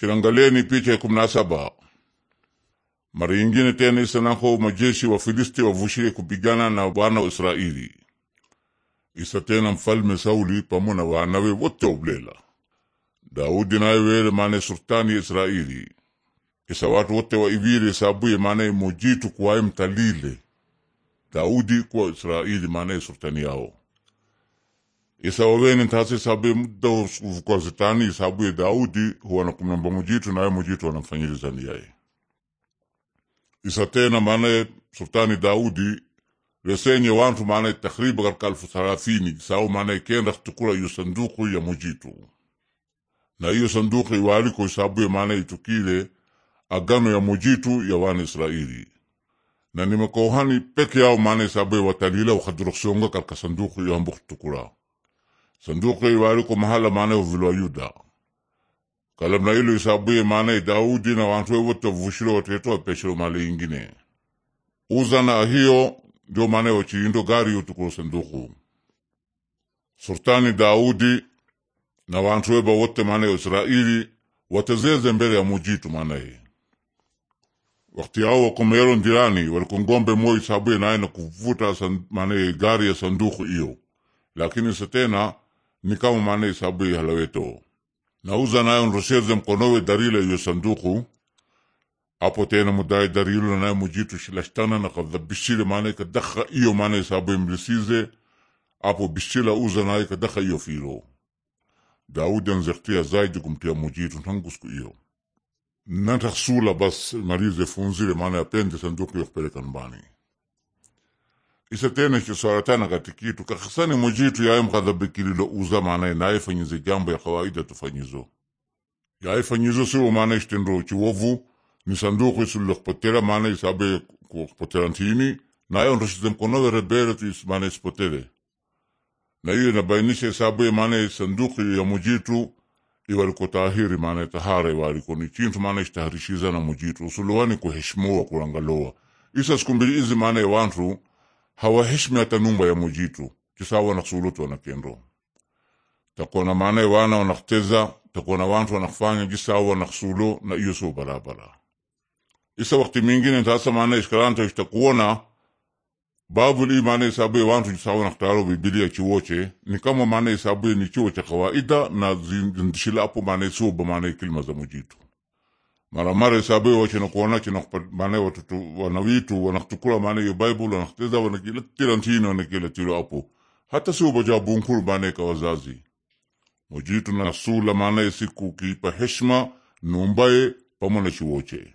Shilangaleni picha ya kumi na saba. Mara nyingine tena isanako majeshi wa Filisti wavushile kupigana na wana wa Israeli. Isa tena mfalme Sauli pamoja na wanawe wote oblela. Daudi naye wele mane sultani ya Israeli. Isa watu wote waivile sabuye mane mojitu kuwae mtalile. Daudi kwa Israeli mane sultani yao ntasi isawovene ntasa isabu zitani isabu ya Daudi kumnamba mujitu na ya mujitu wana mfanyiri wanamfanyirizani yaye isatena ya sultani Daudi resenye wantu mana maanaye takriba katika alfu thalathini mana ya kenda kutukula iyo sanduku ya mujitu na iyo sanduku iwaliko mana ya itukile agano ya mujitu ya wana Israeli na nimekohani peke yao mana maanaye ya watalila wakaduruksonga katika sanduku mbukutukulao. Sanduku ya kwa mahala mane wa Yuda kalamna ilo isabuye mane Daudi na wantu wote vushilo wateto wapeshilo mali ingine Uza na ahiyo ndio mane wachiindo gari yutu kwa sanduku Sultani Daudi na wantu weba wote mane ya Israili watezeze mbele ya mujitu manaye wakati ao wakomero ndirani walikongombe mo isabuye naye na kuvuta mane gari ya sanduku iyo lakini setena nikamu maana isabu ihalaweto nauza nayo nrosherze mkonowe darila iyo sanduku apo tena mudaye darilo nayo mujitu shilashtana nakadhabishile maana ikadakha iyo maana isabu imlisize apo bishila uza nayo ikadakha iyo filo daudi anzektia zaidi kumtia mujitu ntangusku iyo nantaksula bas malize funzile maana yapende sanduku yakupeleka nyumbani isetene tena kati kitu kakhisani mujitu yaye mkadhabikililo uza maanaye naayefanyize jambo ya kawaida tufanyizo yaayefanyizo siwo mana isitendo chiwovu ni sanduku isilokhupotela mana isabe kukhupotela ntini naye ondoshize mkono werebere tu mana isipotere na hiyo inabainisha isabuye maana sanduku ya mujitu iwalikotahiri maana tahara iwalikoni chintu maana isitaharishiza na mujitu usuluwani kuheshimiwa kurangalowa isa sikumbili izi mana ya wantu hawaheshimi hata nyumba ya mujitu kisawa na na kendo takuwa na maana wana wanakuteza takona wantu wanakfanya jisawa naksulo na iyo sio barabara isa wakati mingine tasa maana iskaranta ishtakuona babuli maana isabuye wantu jisawa naktaro bibilia chiwoche ni kama maana isabuye ni chiwo cha kawaida na zindishila zindishilapo maana soba maana kilima za mujitu mara mara wache na kuona kino mane watoto wana kutukula mane yu bible wanakuteza wanakila tira ntino kila tiro hapo hata si uboja bunkuru mane ka wazazi mujitu na sula mane siku kipa heshima numbaye pamoja na chiwoche